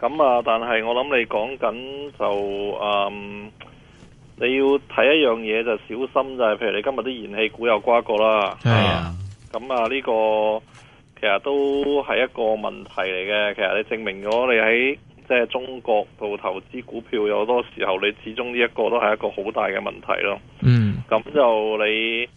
咁啊！但係我諗你講緊就，嗯，你要睇一樣嘢就小心就係，譬如你今日啲燃氣股又瓜過啦。係啊，咁啊呢個其實都係一個問題嚟嘅。其實你證明咗你喺即係中國度投資股票，有好多時候你始終呢一個都係一個好大嘅問題咯。嗯，咁就你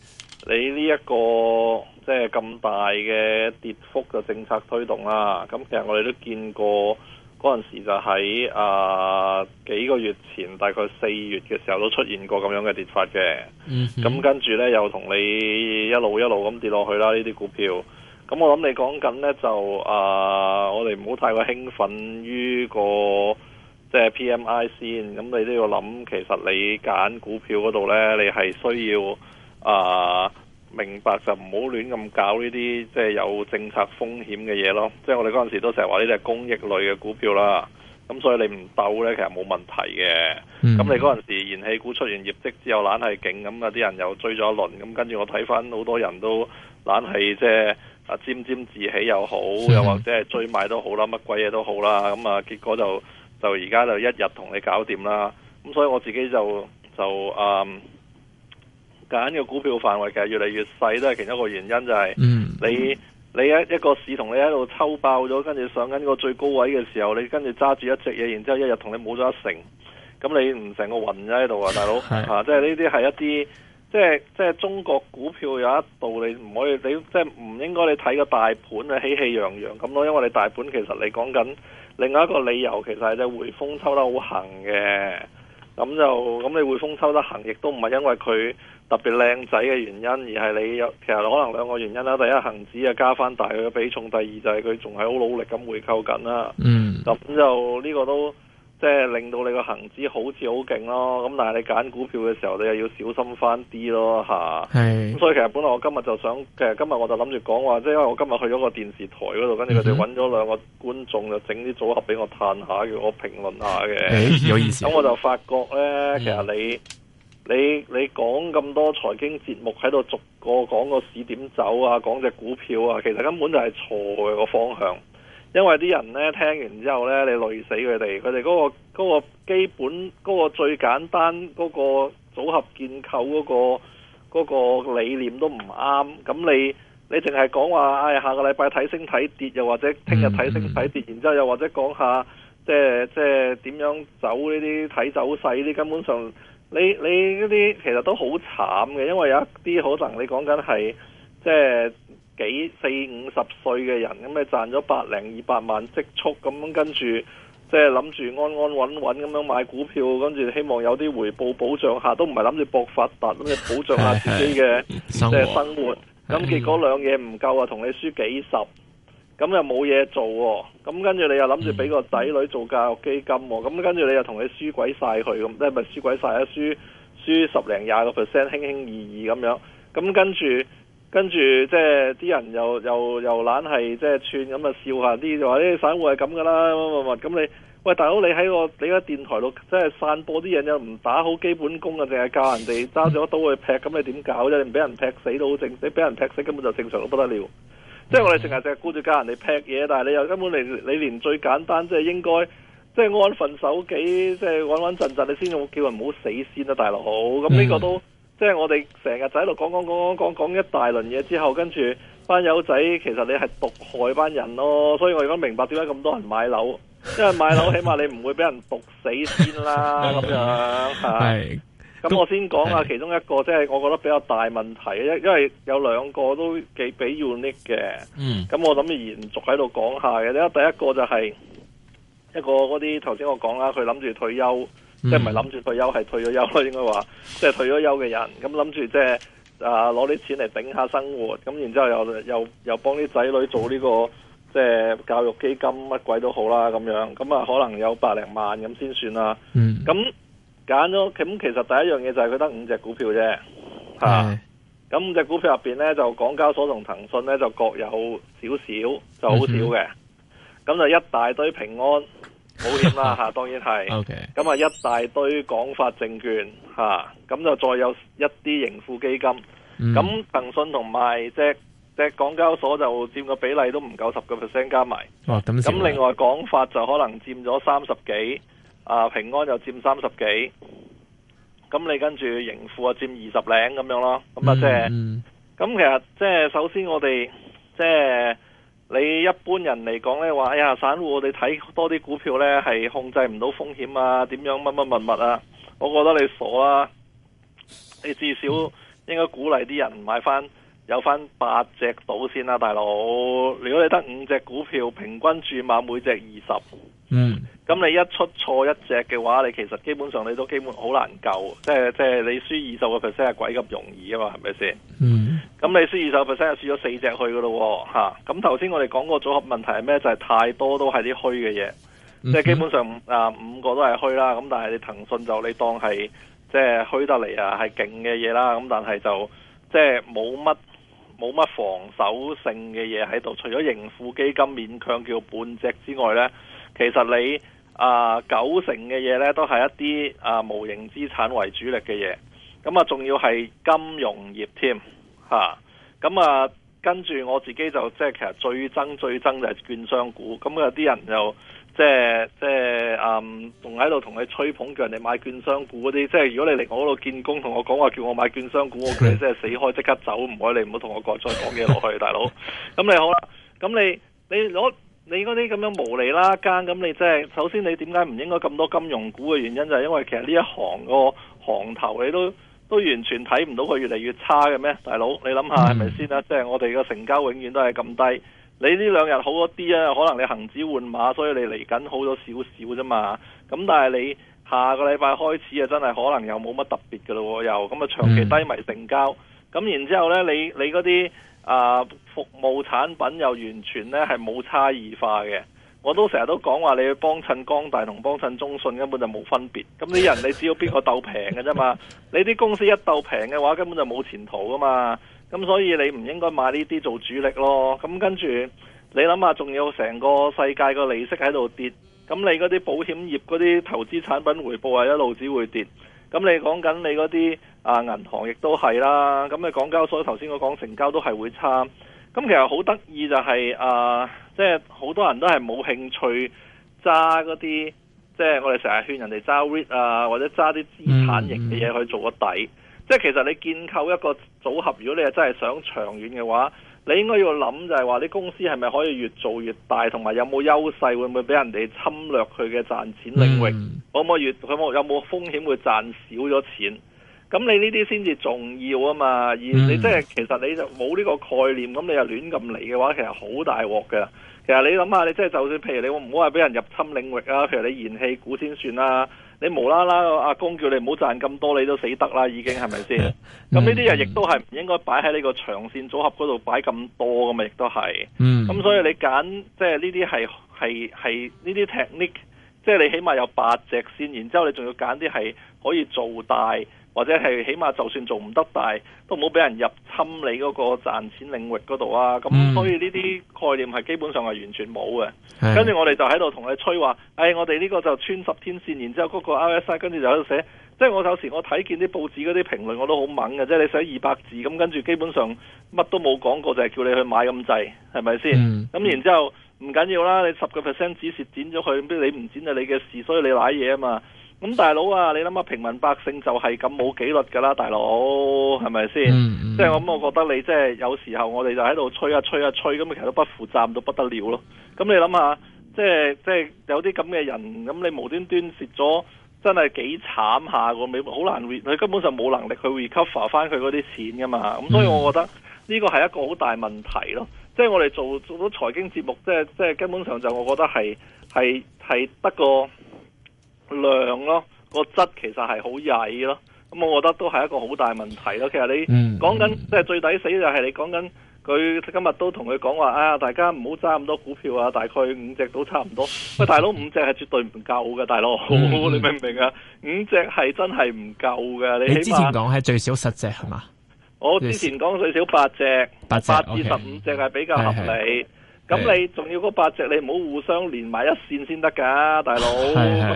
你呢一個即係咁大嘅跌幅嘅政策推動啦。咁其實我哋都見過。嗰陣時就喺啊、呃、幾個月前，大概四月嘅時候都出現過咁樣嘅跌法嘅。咁、嗯、哼跟住呢，又同你一路一路咁跌落去啦。呢啲股票，咁我諗你講緊呢，就啊、呃，我哋唔好太過興奮於、個即係、就是、PMI 先。咁你都要諗，其實你揀股票嗰度呢，你係需要啊。呃明白就唔好亂咁搞呢啲即係有政策風險嘅嘢咯，即係我哋嗰陣時都成日話呢啲係公益類嘅股票啦，咁所以你唔鬥呢，其實冇問題嘅。咁、嗯、你嗰陣時，燃氣股出完業績之後，懶係勁咁啊！啲人又追咗一輪，咁跟住我睇翻好多人都懶係即係啊沾沾自喜又好，的又或者係追買好都好啦，乜鬼嘢都好啦，咁啊結果就就而家就一日同你搞掂啦。咁所以我自己就就嗯。揀嘅股票範圍其實越嚟越細，都係其中一個原因就係，嗯、你你一一個市同你喺度抽爆咗，跟住上緊個最高位嘅時候，你跟住揸住一隻嘢，然之後一日同你冇咗一成，咁你唔成個暈咗喺度啊，大佬啊，即係呢啲係一啲，即係即係中國股票有一道理你唔可以，你即係唔應該你睇個大盤啊喜氣洋洋咁咯，因為你大盤其實你講緊另外一個理由，其實係隻匯豐抽得好行嘅，咁就咁你匯豐抽得行，亦都唔係因為佢。特別靚仔嘅原因，而係你有，其實可能兩個原因啦。第一恒指啊加翻大佢嘅比重，第二就係佢仲係好努力咁回購緊啦。嗯，咁就呢、這個都即係、就是、令到你個恒指好似好勁咯。咁但係你揀股票嘅時候，你又要小心翻啲咯，吓是。係。咁所以其實本來我今日就想，其實今日我就諗住講話，即係因為我今日去咗個電視台嗰度，跟住佢哋揾咗兩個觀眾，嗯、哼就整啲組合畀我嘆下，叫我評論下嘅。有意思。咁我就發覺呢，其實你。嗯你你講咁多財經節目喺度逐個講個市點走啊，講隻股票啊，其實根本就係錯嘅個方向，因為啲人呢，聽完之後呢，你累死佢哋，佢哋嗰個嗰個基本嗰個最簡單嗰個組合建構嗰個嗰個理念都唔啱，咁你你淨係講話，唉、哎、下個禮拜睇升睇跌，又或者聽日睇升睇跌，然之後又或者講下嗯嗯即係即係點樣走呢啲睇走勢呢，根本上。你你嗰啲其實都好慘嘅，因為有一啲可能你講緊係即係幾四五十歲嘅人咁，你賺咗百零二百萬積蓄咁樣跟住，即係諗住安安穩穩咁樣買股票，跟住希望有啲回報保障下，都唔係諗住博發達咁你保障下自己嘅即係生活。咁結果兩嘢唔夠啊，同你輸幾十。咁又冇嘢做喎、哦，咁跟住你又諗住俾個仔女做教育基金喎、哦，咁跟住你又同佢輸鬼晒佢咁，即係咪輸鬼晒？啊？輸輸十零廿個 percent，輕輕易易咁樣，咁跟住跟住即係啲人又又又懶係即係串，咁啊笑下啲就話啲散戶係咁㗎啦，咁你喂大佬你喺個你間電台度即係散播啲嘢又唔打好基本功啊，淨係教人哋揸住個刀去劈，咁你點搞啫？唔俾人劈死都好正，你俾人劈死根本就正常到不得了。即係我哋成日淨係顧住教人哋劈嘢，但係你又根本你你連最簡單即係應該，即係安分守己，即係穩穩陣陣，你先用叫人唔好死先啦，啊。大佬好，咁呢個都即係我哋成日仔喺度講講講講講講一大輪嘢之後，跟住班友仔其實你係毒害班人咯。所以我而家明白點解咁多人買樓，因為買樓起碼你唔會俾人毒死先啦。咁樣係。 嗯咁我先講下其中一個，即、就、係、是、我覺得比較大問題，因因為有兩個都幾比較 unique 嘅。嗯，咁我諗住延續喺度講下嘅。第一，第一個就係一個嗰啲頭先我講啦，佢諗住退休，嗯、即係唔係諗住退休，係退咗休啦，應該話，即係退咗休嘅人，咁諗住即係啊攞啲錢嚟頂下生活，咁然之後又又又幫啲仔女做呢、這個即係教育基金乜鬼都好啦，咁樣，咁啊可能有百零萬咁先算啦。嗯，咁。揀咗咁，其實第一樣嘢就係佢得五隻股票啫，吓咁是、啊、五隻股票入邊咧就港交所同騰訊咧就各有少少，就好少嘅，咁、嗯、哼就一大堆平安保險啦吓，當然係，咁啊 Okay. 一大堆廣發證券吓，咁、啊、就再有一啲盈富基金，咁騰訊同埋隻隻港交所就佔個比例都唔夠十個 percent 加埋，咁另外廣發就可能佔咗三十幾。啊，平安又佔三十幾，咁你跟住盈富啊佔二十零咁樣咯，咁啊即係，咁、就是、其實即係首先我哋即係你一般人嚟講呢話，哎呀，散戶我哋睇多啲股票呢係控制唔到風險啊，點樣乜乜物物啊，我覺得你傻啊，你至少應該鼓勵啲人買翻有翻八隻股先啦、啊，大佬，如果你得五隻股票，平均注碼每隻二十。嗯，咁你一出錯一隻嘅話，你其實基本上你都基本好難救，即係即係你輸二十個 percent 係鬼咁容易啊嘛，係咪先？嗯，咁你輸二十個 percent 係輸咗四隻去噶咯，吓、啊，咁頭先我哋講個組合問題係咩？就係、是、太多都係啲虛嘅嘢，嗯、即係基本上啊五、呃、五個都係虛啦，咁但係你騰訊就你當係即係虛得嚟，啊，係勁嘅嘢啦，咁但係就即係冇乜冇乜防守性嘅嘢喺度，除咗盈富基金勉強叫半隻之外咧。其實你啊九成嘅嘢呢，都係一啲啊無形資產為主力嘅嘢，咁啊仲要係金融業添吓，咁啊,啊跟住我自己就即係其實最憎最憎就係券商股，咁有啲人就即係即係嗯仲喺度同你吹捧，叫人哋買券商股嗰啲，即係如果你嚟我嗰度見工，同我講話叫我買券商股，我叫你即係死開，即刻走，唔可以，你唔好同我講再講嘢落去，大佬。咁 你好啦，咁你你攞。你嗰啲咁樣無厘啦間，咁你即係首先你點解唔應該咁多金融股嘅原因就係因為其實呢一行個行頭你都都完全睇唔到佢越嚟越差嘅咩？大佬，你諗下係咪先啦？即係、嗯、我哋嘅成交永遠都係咁低。你呢兩日好一啲啊，可能你恒指換馬，所以你嚟緊好咗少少啫嘛。咁但係你下個禮拜開始啊，真係可能又冇乜特別嘅咯，又咁啊長期低迷成交。咁、嗯、然之後呢，你你嗰啲。啊，服務產品又完全咧係冇差異化嘅，我都成日都講話你去幫襯光大同幫襯中信根本就冇分別，咁啲人你只要邊個鬥平嘅啫嘛，你啲公司一鬥平嘅話，根本就冇前途噶嘛，咁所以你唔應該買呢啲做主力咯，咁跟住你諗下，仲有成個世界個利息喺度跌，咁你嗰啲保險業嗰啲投資產品回報係一路只會跌。咁、 嗯、你講緊你嗰啲啊銀行亦都係啦，咁你講港交所頭先我講成交都係會差，咁其實好得意就係、是、啊，即係好多人都係冇興趣揸嗰啲，即、就、係、是、我哋成日勸人哋揸 REIT 啊，或者揸啲資產型嘅嘢去做個底，即係其實你建構一個組合，如果你係真係想長遠嘅話。你應該要諗就係話，啲公司係咪可以越做越大，同埋有冇優勢，會唔會俾人哋侵略佢嘅賺錢領域？可唔可以有冇，有冇風險會賺少咗錢？咁你呢啲先至重要啊嘛，而你即係其實你就冇呢個概念，咁你又亂咁嚟嘅話，其實好大鑊㗎。其實你諗下，你即係就算譬如你唔好話俾人入侵領域啊，譬如你燃氣股先算啦，你無啦啦阿公叫你唔好賺咁多，你都死得啦，已經係咪先？咁呢啲人亦都係唔應該擺喺呢個長線組合嗰度擺咁多噶嘛，亦都係。咁 所以你揀即係呢啲係係係呢啲 technique 即係你起碼有八隻先，然之後你仲要揀啲係可以做大。或者係起碼就算做唔得，但係都唔好俾人入侵你嗰個賺錢領域嗰度啊！咁、嗯、所以呢啲概念係基本上係完全冇嘅。的跟住我哋就喺度同佢吹話，誒、哎，我哋呢個就穿十天線，然之後嗰個 RSI，跟住就喺度寫。即係我有時我睇見啲報紙嗰啲評論，我都好猛嘅。即係你寫二百字，咁跟住基本上乜都冇講過，就係、是、叫你去買咁滯，是嗯嗯、係咪先？咁然之後唔緊要啦，你十個 percent 只蝕，剪咗佢，你唔剪就你嘅事，所以你賴嘢啊嘛。咁大佬啊，你諗下平民百姓就係咁冇紀律噶啦，大佬係咪先？即係咁，我覺得你即係、就是、有時候我哋就喺度吹啊吹啊吹、啊，咁其實都不負責任到不得了咯。咁、嗯嗯、你諗下，即係即係有啲咁嘅人，咁你無端端蝕咗，真係幾慘下個味，好難你根本上冇能力去 recover 翻佢嗰啲錢噶嘛。咁、嗯、所以我覺得呢個係一個好大問題咯。即、就、係、是、我哋做做咗財經節目，即係即係根本上就我覺得係係係得個量咯，個質其實係好曳咯，咁我覺得都係一個好大問題咯。其實你講緊即係最抵死就係你講緊佢今日都同佢講話啊，大家唔好揸咁多股票啊，大概五隻都差唔多。喂，大佬，五隻係絕對唔夠嘅，大佬、嗯、你明唔明啊？五隻係真係唔夠嘅，你起碼你之前講係最少十隻係嘛？我之前講最少八隻，八隻至十五隻係比較合理。咁你仲要嗰八隻，你唔好互相連埋一線先得噶，大佬。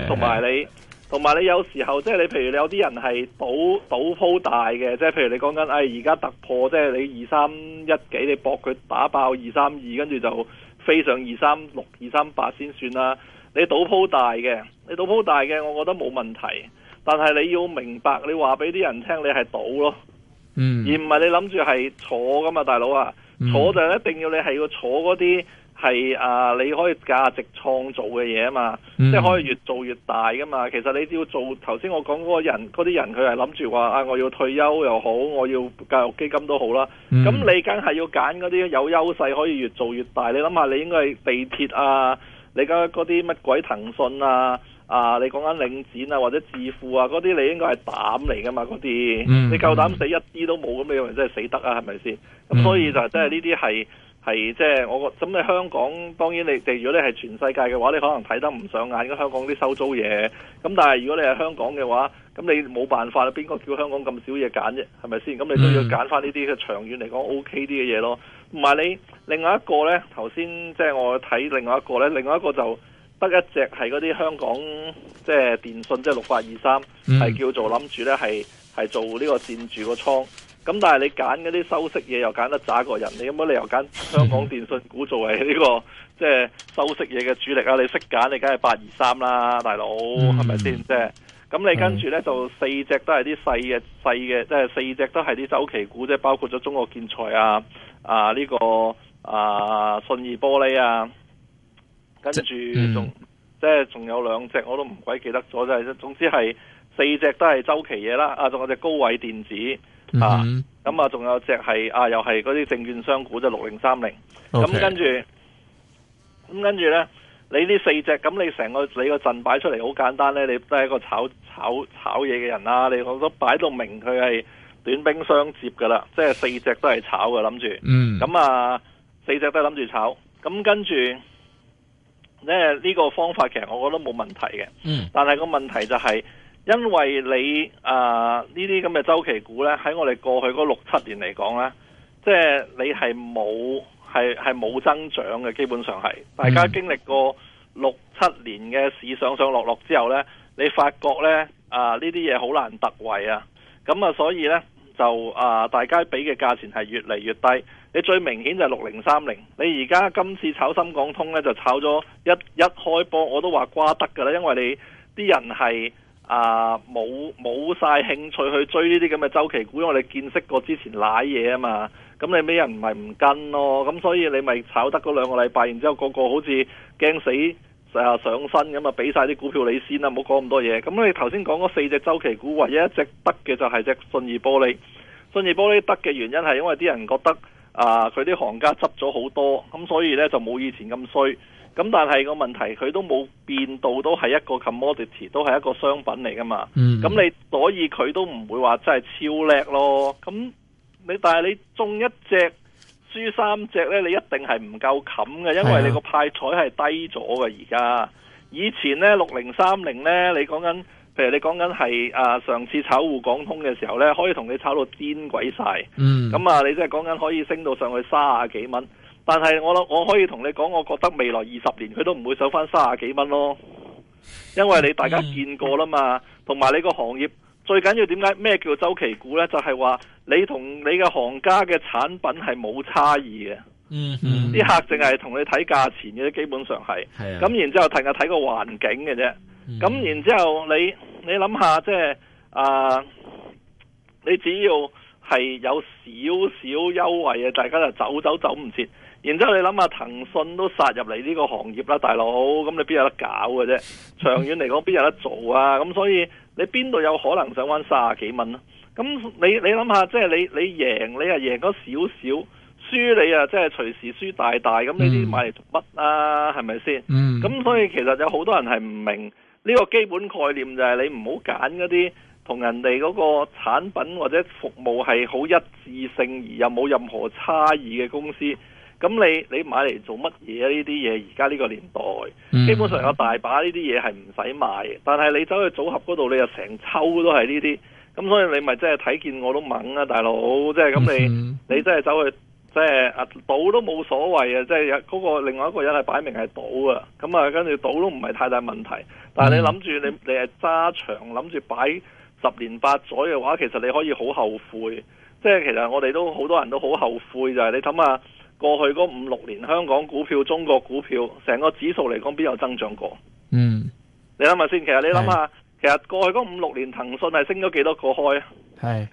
同埋你，同埋你有時候即係你，譬如你有啲人係賭賭鋪大嘅，即係譬如你講緊，唉而家突破即係、就是、你二三一幾，你搏佢打爆二三二，跟住就飛上二三六、二三八先算啦。你賭鋪大嘅，你賭鋪大嘅，我覺得冇問題。但係你要明白，你話俾啲人聽，你係賭咯，嗯，而唔係你諗住係坐噶嘛，大佬啊！嗯、坐就係一定要你係要坐嗰啲係啊，你可以價值創造嘅嘢啊嘛，嗯、即係可以越做越大噶嘛。其實你要做頭先我講嗰個人嗰啲人，佢係諗住話啊，我要退休又好，我要教育基金都好啦。咁、嗯、你梗係要揀嗰啲有優勢可以越做越大。你諗下，你應該係地鐵啊，你而家嗰啲乜鬼騰訊啊？啊！你講緊領展啊，或者置富啊，嗰啲你應該係膽嚟噶嘛？嗰啲、嗯、你夠膽死一啲都冇咁，你咪真係死得啊？係咪先？咁、嗯、所以就真係呢啲係係即係我覺得咁你香港當然你，你如果你係全世界嘅話，你可能睇得唔上眼應該香港啲收租嘢。咁但係如果你係香港嘅話，咁你冇辦法啦。邊個叫香港咁少嘢揀啫？係咪先？咁你都要揀翻呢啲嘅長遠嚟講 OK 啲嘅嘢咯。唔係你另外一個咧，頭先即係我睇另外一個咧，另外一個就。得一隻係嗰啲香港即係電信，即係六八二三，係叫做諗住咧係係做呢個佔住個倉。咁但係你揀嗰啲收息嘢又揀得渣過人，你有冇理由揀香港電信股作為呢個即係收息嘢嘅主力啊？你識揀，你梗係八二三啦，大佬係咪先即係？咁你跟住咧就四隻都係啲細嘅細嘅，即係四隻都係啲周期股即係，包括咗中國建材啊啊呢個啊信義玻璃啊。跟住仲即係仲有兩隻，我都唔鬼記得咗。就係總之係四隻都係周期嘢啦。啊，仲有隻高位電子咁、嗯、啊，仲有隻係啊，又係嗰啲證券商股就六零三零。咁跟住，咁跟住呢，你呢四隻，咁你成個你個陣擺出嚟好簡單呢。你都係一個炒炒炒嘢嘅人啦。你我都擺到明，佢係短兵相接噶啦，即係四隻都係炒嘅，諗住。咁、嗯、啊，四隻都係諗住炒。咁跟住。呢個方法其實我覺得冇問題嘅，但係個問題就係因為你啊呢啲咁嘅周期股呢，喺我哋過去嗰六七年嚟講呢，即係你係冇係係冇增長嘅，基本上係大家經歷過六七年嘅市場上上落落之後呢，你發覺呢啊呢啲嘢好難突圍啊，咁、嗯、啊所以呢就啊、呃、大家俾嘅價錢係越嚟越低。你最明顯就係六零三零，你而家今次炒深港通呢，就炒咗一一開波，我都話瓜得噶啦，因為你啲人係啊冇冇晒興趣去追呢啲咁嘅週期股，因為你見識過之前舐嘢啊嘛，咁你咩人唔係唔跟咯？咁所以你咪炒得嗰兩個禮拜，然之後個個好似驚死上身咁啊，俾晒啲股票先你先啦，唔好講咁多嘢。咁你頭先講嗰四隻週期股，唯一一隻得嘅就係隻信義玻璃，信義玻璃得嘅原因係因為啲人覺得。啊！佢啲行家執咗好多，咁所以呢，就冇以前咁衰。咁但係個問題，佢都冇變到都係一個 commodity，都係一個商品嚟噶嘛。咁、嗯、你所以佢都唔會話真係超叻咯。咁你但係你中一隻輸三隻呢，你一定係唔夠冚嘅，因為你個派彩係低咗嘅而家。以前呢，六零三零呢，你講緊。譬如你講緊係誒上次炒滬港通嘅時候呢，可以同你炒到癲鬼晒，咁啊你即係講緊可以升到上去三十幾蚊，但係我諗我可以同你講，我覺得未來二十年佢都唔會收翻三十幾蚊咯，因為你大家見過啦嘛，同埋、嗯嗯、你個行業，最緊要點解咩叫周期股呢？就係、是、話你同你嘅行家嘅產品係冇差異嘅，啲、嗯嗯嗯、客淨係同你睇價錢嘅，基本上係，咁、嗯啊、然之後睇下睇個環境嘅啫。咁、嗯、然之後你你諗下即係啊，你只要係有少少優惠啊，大家就走走走唔切。然之後你諗下騰訊都殺入嚟呢個行業啦，大佬，咁你邊有得搞嘅啫？長遠嚟講，邊有得做啊？咁所以你邊度有可能想搵卅幾蚊啊？咁你你諗下，即係你你贏你啊贏咗少少，輸你啊即係隨時輸大大，咁呢啲買嚟做乜啊？係咪先？咁、嗯、所以其實有好多人係唔明。呢個基本概念就係你唔好揀嗰啲同人哋嗰個產品或者服務係好一致性而又冇任何差異嘅公司。咁你你買嚟做乜嘢呢啲嘢？而家呢個年代，基本上有大把呢啲嘢係唔使買。但係你走去組合嗰度，你又成抽都係呢啲。咁所以你咪真係睇見我都猛啊，大佬！即係咁你你真係走去。即係啊，賭、就是、都冇所謂啊！即係嗰個另外一個人係擺明係賭啊，咁啊，跟住賭都唔係太大問題。但係你諗住你你係揸長，諗住擺十年八載嘅話，其實你可以好後悔。即、就、係、是、其實我哋都好多人都好後悔就係、是、你諗下過去嗰五六年香港股票、中國股票成個指數嚟講，邊有增長過？嗯，你諗下先。其實你諗下，的其實過去嗰五六年，騰訊係升咗幾多個開啊？係。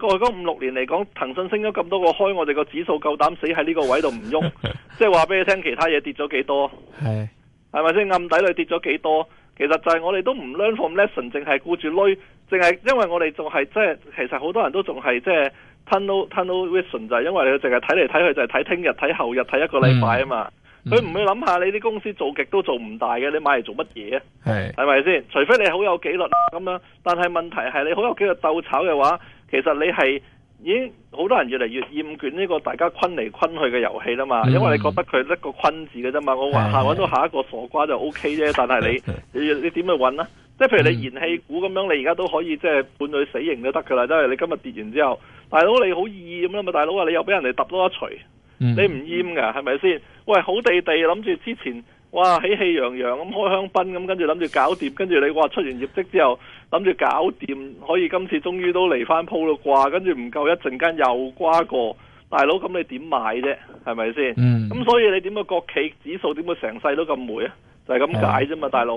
過去嗰五六年嚟講，騰訊升咗咁多個開，我哋個指數夠膽死喺呢個位度唔喐。 即係話俾你聽，其他嘢跌咗幾多係係咪先暗底裏跌咗幾多？其實就係我哋都唔 learn from lesson，淨係顧住累，淨係因為我哋仲係即係其實好多人都仲係即係 t u n n o l t u n n e r visiontunnel tunnel vision，就係因為你淨係睇嚟睇去就係睇聽日睇後日睇一個禮拜啊嘛。佢唔會諗下你啲公司做極都做唔大嘅，你買嚟做乜嘢？係係咪先？除非你好有紀律咁樣，但係問題係你好有紀律鬥炒嘅話。其實你係已經好多人越嚟越厭倦呢個大家坤嚟坤去嘅遊戲啦嘛，嗯、因為你覺得佢一個坤字嘅啫嘛，我話下揾到下一個傻瓜就 O K 啫，但係你、嗯、你點去揾啊？即係、嗯、譬如你燃氣股咁樣，你而家都可以即係判佢死刑都得噶啦，即係你今日跌完之後，大佬你好易咁啦嘛，大佬啊你又俾人哋揼多一錘，嗯、你唔厭噶係咪先？喂，好地地諗住之前。哇！喜氣洋洋咁開香檳咁，跟住諗住搞掂，跟住你話出完業績之後諗住搞掂，可以今次終於都嚟翻鋪啦啩？跟住唔夠一陣間又瓜過，大佬咁你點買啫？係咪先？咁、嗯、所以你點解國企指數點會成世都咁霉啊？就係咁解啫嘛，大佬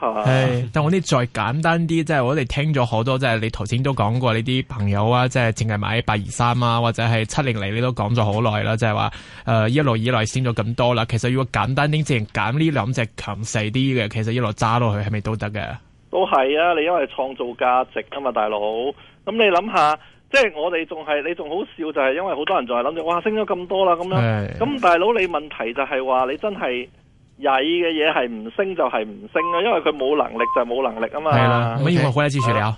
吓。但我啲再簡單啲，即係我哋聽咗好多，即係你頭先都講過你啲朋友啊，即係淨係買八二三啊，或者係七零零，你都講咗好耐啦，即係話誒一路以來升咗咁多啦。其實如果簡單啲，即係揀呢兩隻強勢啲嘅，其實一路揸落去係咪都得嘅？都係啊，你因為創造價值啊嘛，大佬。咁你諗下，即係我哋仲係你仲好笑，就係因為好多人仲係諗住哇升咗咁多啦咁樣。咁大佬，你問題就係話你真係。曳嘅嘢係唔升就係唔升啊，因為佢冇能力就冇能力啊嘛。係啦，我一陣返嚟繼續傾。